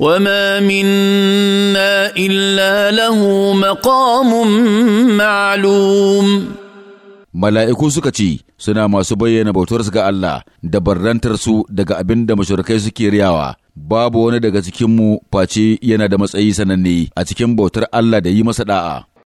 وما منا الا له مقام معلوم mala'iku suka ce suna masu bayyana bautarsu ga Allah da barrantarsu daga abin da mashirkai suke riyawa babu wani daga cikinmu face yana da matsayi sananne a cikin bautar Allah da yi masa da'a